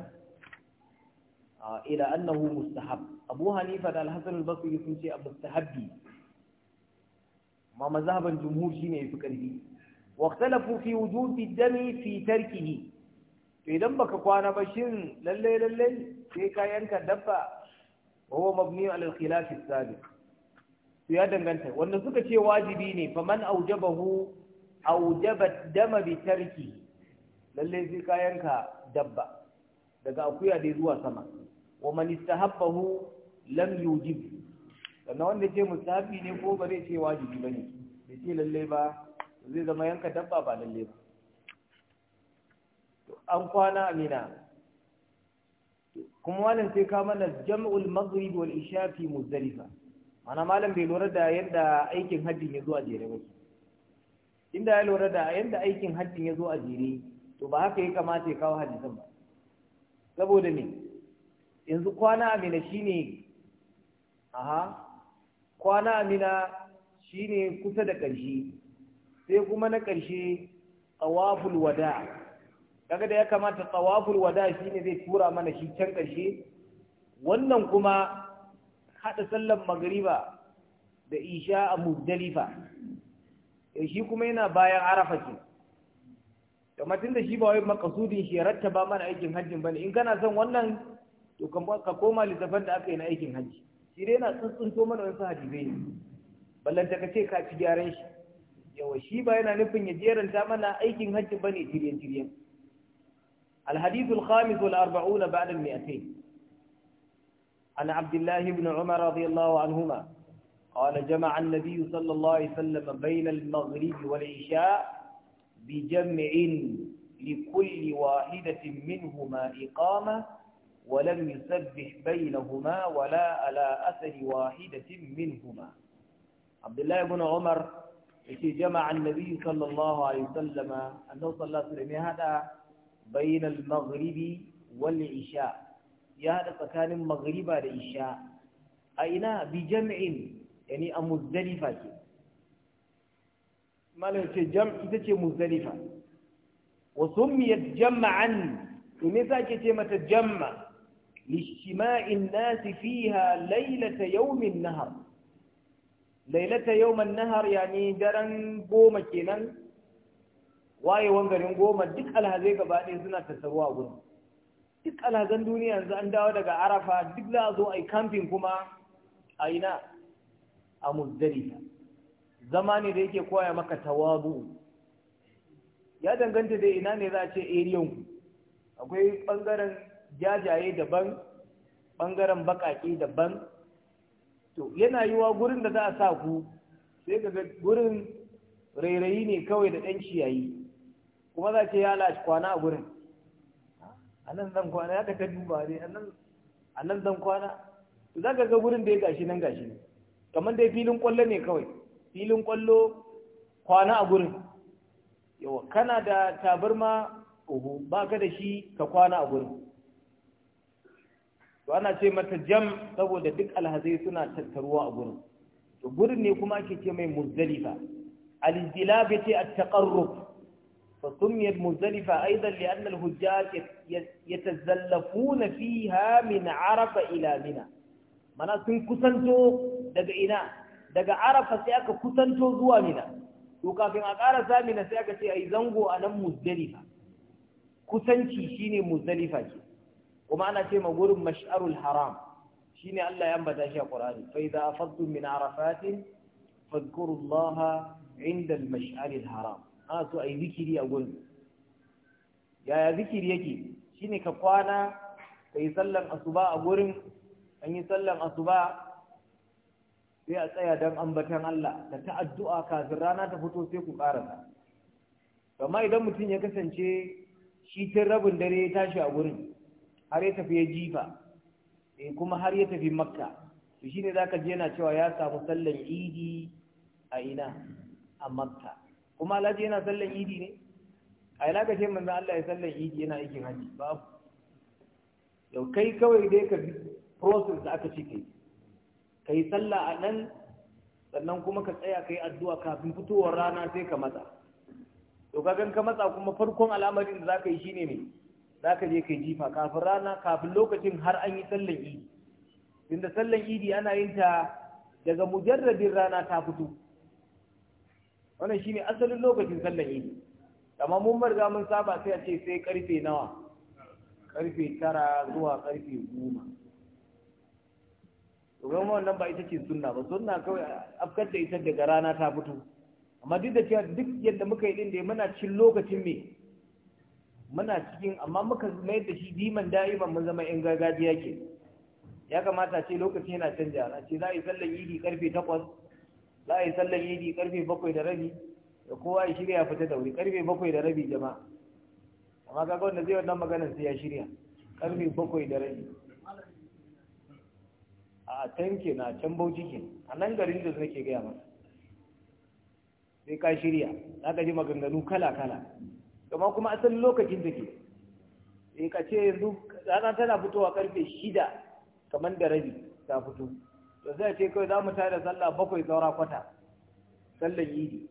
ila annahu mustahab abu hanifa da al-hasan al-basri sun ce abu mustahabbi ma mazhaban jumhur shine yafi karfi wa ikhtalafu fi wujubi dami fi tarkihi to idan baka kwana ba shin lalle lalle sai ka yanka dabba وهو مبني على الخلاف السابق ya danganta Wannan suka ce wajibi ne fa faman aujabahu aujabat dama bi tarki lalle sai ka yanka dabba daga akuya dai zuwa sama wa man istahabbahu lam yujib dan wanda ce mustahabi ne ko ba zai ce wajibi bane bai ce lalle ba zai zama yanka dabba ba lalle ba an kwana amina kuma malam sai ka mana jam'ul maghrib wal isha fi muzdalifa mana malam bai lura da yadda aikin hajji ne zuwa jere ba inda ya lura da yadda aikin hajjin ya zo a jere to ba haka ya kamata ya kawo hadisan ba saboda me yanzu kwana amina shine aha kwana amina shine kusa da ƙarshe sai kuma na ƙarshe tsawaful wada kaga da ya kamata tsawaful wada shine zai tura mana shi can ƙarshe wannan kuma haɗa sallan magariba da isha a muzdalifa Eh, shi kuma yana bayan arafa ce amma tun da shi ba wai makasudin shi ya rattaba mana aikin hajjin bane in kana son wannan to ka koma littafin da aka yi na aikin hajji shi dai yana tsuntsunto mana wasu hadisai ne ballanta ka ce ka ci gyaran shi yawa shi ba yana nufin ya jeranta mana aikin hajjin bane jiryen jiryen الحديث الخامس والأربعون بعد المئتين عن عبد الله بن عمر رضي الله عنهما قال جمع النبي صلى الله عليه وسلم بين المغرب والعشاء بجمع لكل واحدة منهما إقامة ولم يسبح بينهما ولا على أثر واحدة منهما عبد الله بن عمر يشي جمع النبي صلى الله عليه وسلم أنه صلى الله عليه وسلم هذا بين المغرب والعشاء يا هذا فكان المغرب والعشاء أين بجمع yani a muzdalifa ke malam ce jam ita ce muzdalifa wa summiyat jam'an to me yasa ake ce mata jam'a لاجتماع الناس فيها ليلة يوم النهر ليلة يوم النهر يعني درن قومة كنان waye wangarin goma duk alhazai gaba ɗaya suna tattaruwa a gurin duk alhazan duniya yanzu an dawo daga arafa duk za a zo a yi kamfin kuma a ina a muzdalifa zama ne da yake koya maka tawadu ya danganta da ina ne za a ce eriyanku akwai ɓangaren jajaye daban ɓangaren baƙaƙe daban to yana yiwa gurin da za a sa ku sai ga gurin rairayi ne kawai da ɗan ciyayi kuma za a ce ya lashe kwana a gurin a nan zan kwana ya ka duba ne a nan zan kwana za ka ga gurin da ya gashi nan gashi ne kamar dai filin kwallo ne kawai filin kwallo kwana a gurin yawa kana da tabarma uhu ba da shi ka kwana a gurin to ana ce mata jam saboda duk alhazai suna tattaruwa a gurin to gurin ne kuma ake ce mai muzdalifa al-izdilab yace at-taqarrub فسميت مزدلفة أيضا al hujjaj yatazallafuna fiha min Arafa, Ila, Mina. mana sun kusanto daga ina daga arafa sai aka kusanto zuwa mina to kafin a ƙara samina sai aka ce yi zango a nan muzdalifa kusanci shine muzdalifa ke kuma ana ce ma gurin mash'arul haram ne Allah ya ambata shi a Qur'ani fa idza afadtum min arafatin fadhkurullaha inda mash'arul haram ana so yi zikiri a gurin yaya zikiri yake shine ka kwana yi sallan asuba a gurin an yi sallan asuba sai a tsaya don ambatan Allah da ta'addu'a kafin rana ta fito sai ku ƙarasa amma idan mutum ya kasance shi ta rabin dare ya tashi a wurin har ya tafi ya jifa eh, kuma har ya tafi makka to shine za ka ji yana cewa ya samu sallan idi a ina a makka kuma alhaji yana sallan idi ne a ina ka ce manzan Allah ya sallan idi yana aikin hajji ku yau kai kawai dai ka process da aka cike ka yi sallah a nan sannan kuma ka tsaya ka yi addu'a kafin fitowar rana sai ka matsa to gan ka matsa kuma farkon al'amarin da za ka yi shine ne za ka je kai yi jifa kafin rana kafin lokacin har an yi sallan idi tunda sallan idi ana yin ta daga mujarradin rana ta fito wannan shine asalin lokacin sallan idi amma mun marga mun saba sai a ce sai karfe nawa karfe tara zuwa karfe goma domin wannan ba ita ce sunna ba sunna kawai afkar da ita daga rana ta fito amma duk da cewa duk yadda muka yi din da muna cikin lokacin me muna cikin amma muka mai da shi diman da'ima mun zama yan gargajiya ke ya kamata ce lokaci yana canja na ce za a yi sallan yidi karfe takwas za a yi sallan yidi karfe bakwai da rabi da kowa ya shirya fita da wuri karfe bakwai da rabi jama'a amma kaga wanda zai wannan maganar sai ya shirya karfe bakwai da rabi a tanke na can bauchi ke a nan garin da suke gaya masa sai ka shirya za ka ji maganganu kala-kala gama kuma asalin lokacin take sai ka ce yanzu rana tana fitowa karfe shida kamar da rabi ta fito to zai ce kawai za mu da sallah bakwai saura kwata sallan ne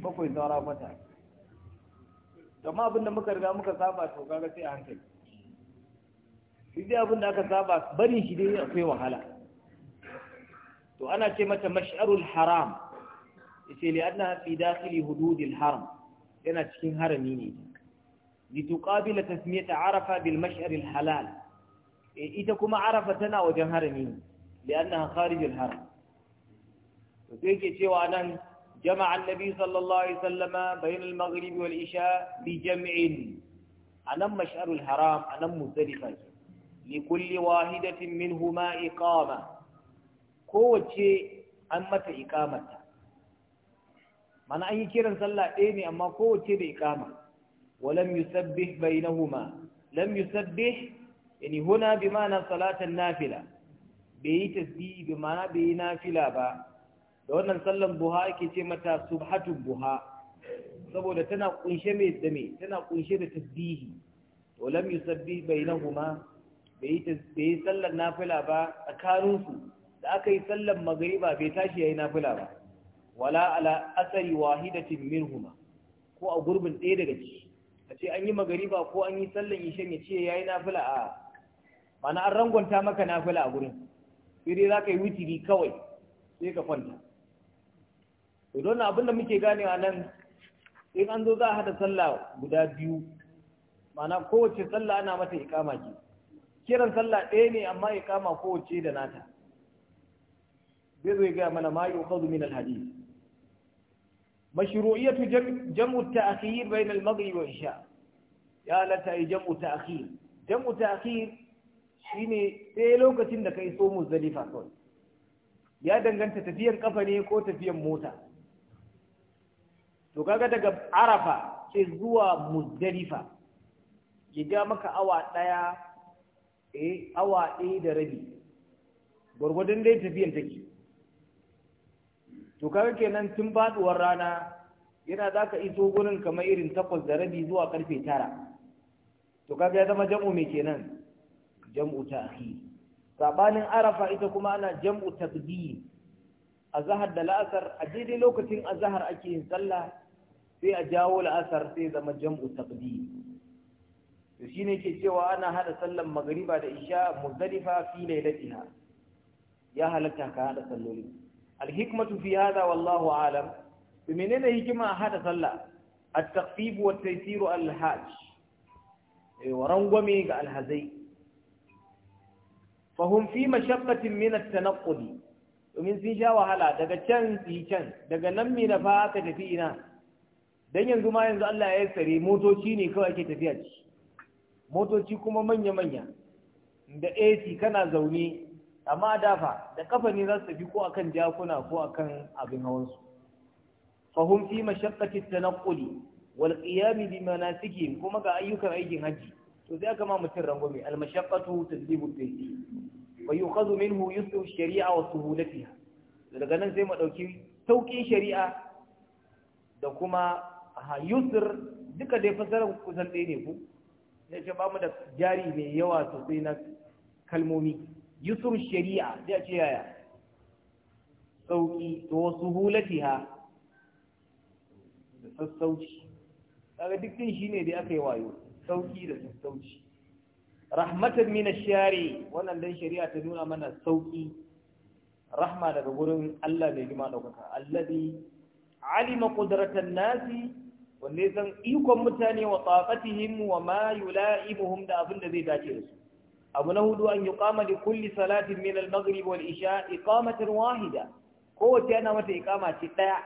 bakwai saura kwata gama abinda muka riga muka saba to kaga sai a hankali shi dai abin da aka saba barin shi dai akwai wahala to ana ce mata mash'arul haram yace li annaha fi dakhili hududil haram yana cikin harami ne li tuqabila tasmiyata arafa bil mash'aril halal ita kuma arafa tana wajen harami ne li annaha kharijul haram to sai yake cewa nan jama'a annabi sallallahu alaihi wasallama الله al-maghrib wal isha bi jam'in anan mash'arul haram anan مزدلفة likulli wahidatin minhuma iqama kowace an mata iqamata mana an yi kiran sallah ɗaya ne amma kowace da iqama ولم يسبح بينهما لم يسبح يعني هنا بمعنى صلاة النافلة بي تسبيح بمعنى بي نافلة با wannan sallan buha ake ce mata subhatul buha saboda tana kunshe mai dame tana kunshe da tasbihi to lam yusabbih bainahuma bai yi sallar nafila ba tsakaninsu da aka yi sallar magariba bai tashi ya yi nafila ba wala ala asari wahidatin minhuma ko a gurbin ɗaya daga ci a ce an yi magariba ko an yi sallar ishen ya ce ya yi nafila a mana an rangonta maka nafila a gurin sai za ka yi witiri kawai sai ka kwanta to don abin da muke ganewa nan in an zo za a hada sallah guda biyu mana kowace sallah ana mata ikama ke kiran sallah ɗaya ne amma ya kama kowace da nata zai zai gaya mana ma yi ukazu min alhadis mashru'iyatu jam'u ta'khir bayna al-maghrib wa isha ya la ta yi jam'u ta'khir jam'u ta'khir shine ɗaya lokacin da kai so muzdalifa kawai ya danganta tafiyan kafa ne ko tafiyan mota to kaga daga arafa sai zuwa muzdalifa ya ga maka awa ɗaya. eh awa ɗaya da rabi gwargwadon dai tafiyan take to kaga kenan tun faduwar rana yana za ka iso gurin kamar irin takwas da rabi zuwa karfe tara to kaga ya zama jam'u mai kenan jam'u ta sabanin arafa ita kuma ana jam'u tabdi a da la'asar a daidai lokacin a ake yin sallah sai a jawo la'asar sai zama jam'u tabdi shi ne ke cewa ana hada sallan magariba da isha muzdalifa fi lailatiha ya halatta ka hada salloli alhikmatu fi hada wallahu alam to menene hikima a hada sallah at-taqfif wa taysir al-hajj eh, wa rangwame ga alhazai fahum fi mashaqatin min at-tanaqqudi domin sun sha wahala daga can su can daga nan mi na fa aka tafi ina dan yanzu ma yanzu Allah ya sare motoci ne kawai ake tafiya ci motoci kuma manya-manya da AC kana zaune amma dafa da kafa ne za su tafi ko akan jakuna ko akan abin hawansu fahum fi mashaqqati tanquli wal qiyam bi manasiki kuma ga ayyukan aikin haji to sai aka ma mutun rangwame al mashaqqatu tadbibu tayyi wa yuqadu minhu yusru shari'a wa suhulatiha daga nan sai mu dauki saukin shari'a da kuma yusr duka dai fasara kusan dai ne ku sai ce ba mu da jari mai yawa sosai na kalmomi Yusuf shari'a sai ce yaya sauki to wasu ha. da sassauci daga duk shi ne da aka yi wayo sauki da sassauci rahmatan mina shari wannan dan shari'a ta nuna mana sauki rahma daga wurin Allah mai girma daukaka alladhi alima qudratan nasi wanne san ikon mutane wa taqatihim wa ma yula'ibuhum da abin da zai dace da su abu na hudu an yuqama li kulli salatin min al-maghrib wal isha iqamatan wahida kowace yana mata iqama ce daya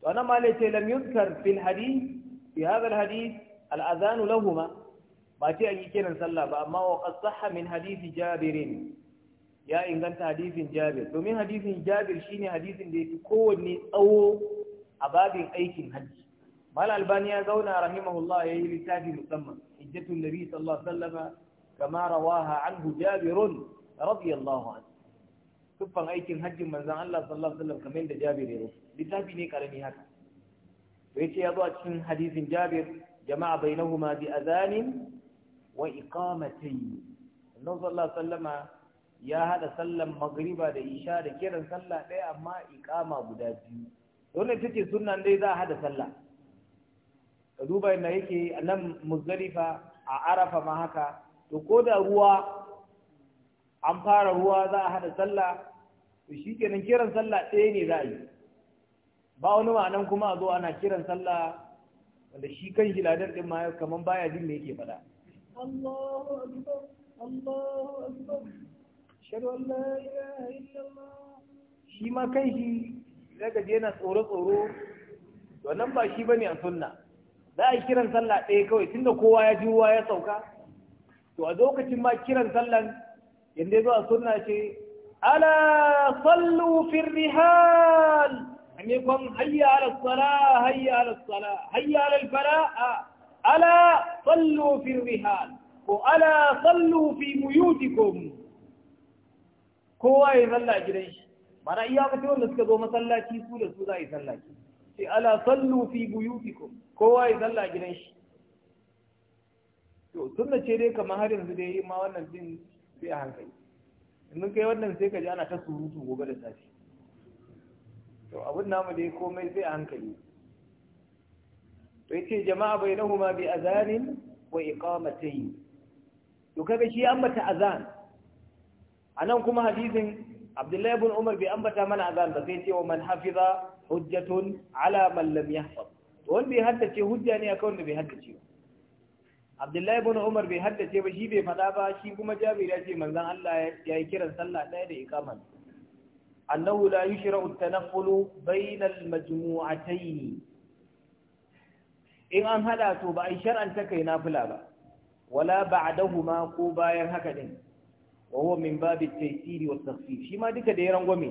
to anan ma lai lam yuzkar fil hadith fi hadha al hadith al adhan ba ce an yi kiran sallah ba amma wa qad sahha min hadith jabir ya inganta hadithin jabir domin hadithin jabir shine hadithin da yake kowanne tsawo a babin aikin hajji mal albani ya zauna rahimahullah yayi littafi musamman hujjatul nabi sallallahu alaihi wasallam kama rawaha anhu jabir radiyallahu anhu Tuffan aikin hajjin manzon Allah sallallahu alaihi wasallam kamar da jabir ya littafi ne karami haka to yace ya zo a cikin hadisin jabir jama'a bainahuma bi adhanin wa iqamatayn annabi sallallahu alaihi wasallama ya hada sallan magriba da isha da kiran sallah ɗaya amma iqama guda biyu wannan tace sunnan dai za a hada sallah ka duba yadda yake a nan muzdalifa a arafa ma haka to ko da ruwa an fara ruwa za a hada sallah to shi kenan kiran sallah ɗaya ne za a yi ba wani ma'anan kuma a zo ana kiran sallah wanda shi kan shi ladar ɗin ma kamar baya jin me yake faɗa shi ma kan shi daga je yana tsoro-tsoro wannan ba shi ba ne a sunna za a kiran sallah ɗaya kawai tunda kowa ya ji ruwa ya sauka to a lokacin ma kiran sallan yadda ya zo a sunna ce ala sallu fi rihal ne kwan hayya ala sala hayya ala sala hayya ala fala ala sallu fi rihal ko ala sallu fi muyutikum kowa ya sallah gidan shi mana iyakacin wanda suka zo masallaci su da su za a yi sallaci sai ala sallu fi buyutikum kowa ya zalla gidan shi to tunda ce dai kamar har yanzu dai ma wannan din sai a hankali in kai wannan sai ka ji ana ta surutu gobe da safe to abin namu dai komai sai a hankali to yace jama'a bainahuma bi azanin wa iqamatayn to kaga shi ambata azan anan kuma hadisin Abdullahi ibn Umar bai ambata mana azan ba sai ce wa man hafiza hujjatun ala man lam yahfaz wanda bai haddace hujja ne akan wanda bai haddace ba Abdullahi ibn Umar bai haddace ba shi bai faɗa ba shi kuma Jabir ya ce manzon Allah ya yi kiran sallah ɗaya da iqaman annahu la yushra'u at-tanaffulu bayna al-majmu'atayn in an hada to ba a shar'anta kai nafila ba wala ba'dahuma ko bayan haka din wa huwa min babi at wa at shi ma duka da yaran gwame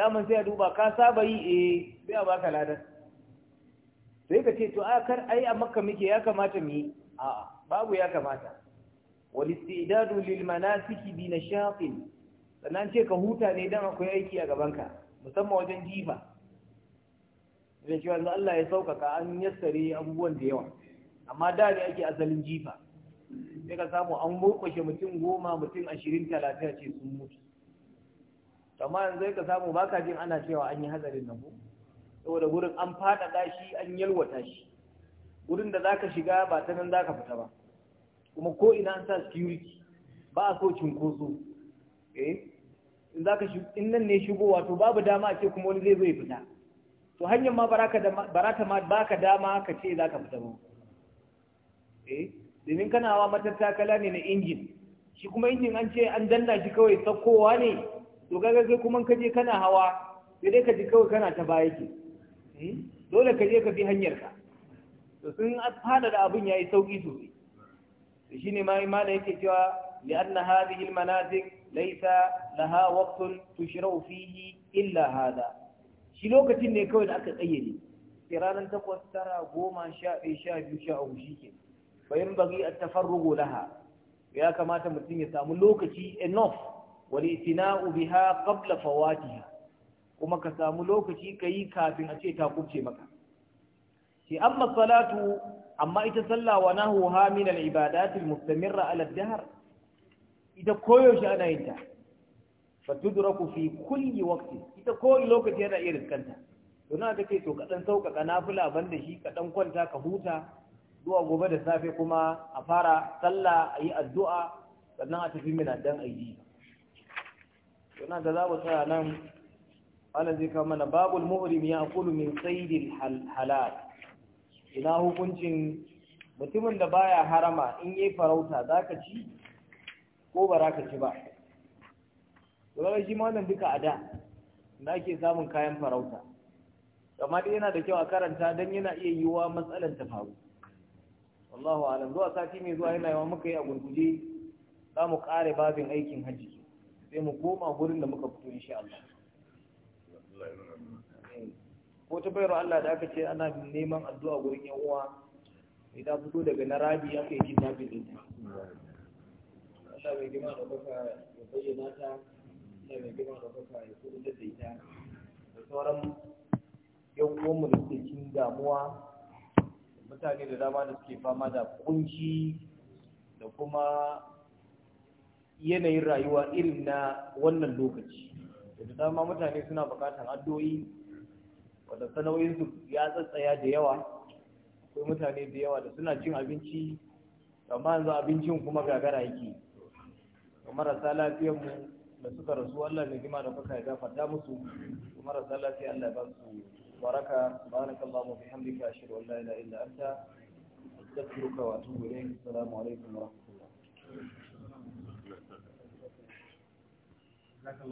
daman sai a duba ka saba yi eh sai a baka ladan sai ka ce to a kar ai a makka muke ya kamata mu yi a'a babu ya kamata wal istidadu lil manasiki bi nashatin sannan ce ka huta ne dan akwai aiki a gaban ka musamman wajen jifa da cewa yanzu Allah ya saukaka an yassare abubuwan da yawa amma da ne ake asalin jifa sai ka samu an murkushe mutum goma mutum ashirin talatin ce sun mutu amma yanzu ka samu baka jin ana cewa an yi hazarin nan ko saboda gurin an faɗaɗa shi an yalwata shi gurin da zaka shiga ba ta nan zaka fita ba kuma ko ina an sa security ba a so cinkoso eh in zaka shi in nan ne shigo wato babu dama a ce kuma wani zai zo ya fita to hanyar ma baraka da barata ma baka dama ka ce zaka fita ba eh domin kana wa matattakala ne na injin shi kuma injin an ce an danna shi kawai sakkowa ne to kaga sai kuma kaje kana hawa sai dai ka ji kawai kana ta baya ke eh? dole ka je ka bi hanyar ka to sun fada da abin yayi sauki sosai to shine ma imana yake cewa li anna hadhihi al manazik laysa laha waqtun tushra'u fihi illa hada shi lokacin ne kawai da aka tsayyade sai ranar takwas tara goma sha ɗaya sha biyu sha uku shi ke bayan bari a tafarrugo laha ya kamata mutum ya samu lokaci enough walitina'u biha qabla fawatiha kuma ka samu lokaci kayi kafin a ce ta kubce maka shi amma salatu amma ita sallah wa nahuha min al-ibadat al-mustamirra ala ad-dahr ita koyaushe ana yin ta fatudraku fi kulli waqti ita koyi lokaci yana iya riskanta to na ga to ka dan nafila banda shi ka kwanta ka huta zuwa gobe da safe kuma a fara sallah ayi addu'a sannan a tafi mina dan ayi Kuna da za mu tsaya nan wannan zai kawo mana babul muhrim ya kulu min saidil halal ina hukuncin mutumin da baya harama in yayi farauta za ci ko ba zaka ci ba kuma shi ma wannan duka a da na ake samun kayan farauta amma dai yana da kyau a karanta don yana iya yiwuwa matsalan ta faru wallahu alam zuwa sati mai zuwa yana yawa muka yi a gurguje za mu kare babin aikin hajji sai mu koma gurin da muka fito insha Allah ko ta bayar Allah da aka ce ana neman addu'a gurin yan uwa idan fito daga na rabi aka yi kidnapping din ta Allah bai gima da baka ya bayyana ta Allah bai gima da baka ya kuɗa da ita da sauran yan uwanmu da suke cikin damuwa mutane da dama da suke fama da kunci da kuma yanayin rayuwa irin na wannan lokaci da dama mutane suna bukatar addu'o'i wanda sanawoyinsu ya tsatsaya da yawa akwai mutane da yawa da suna cin abinci amma yanzu abincin kuma gagara yake marasa mu da suka rasu Allah ne jima da kuka ya gafarta musu marasa lafiya Allah ba su baraka subhanakallahu wa bihamdika ashhadu an la ilaha illa anta astaghfiruka wa atubu ilayk assalamu alaikum wa rahmatullah That's a lot.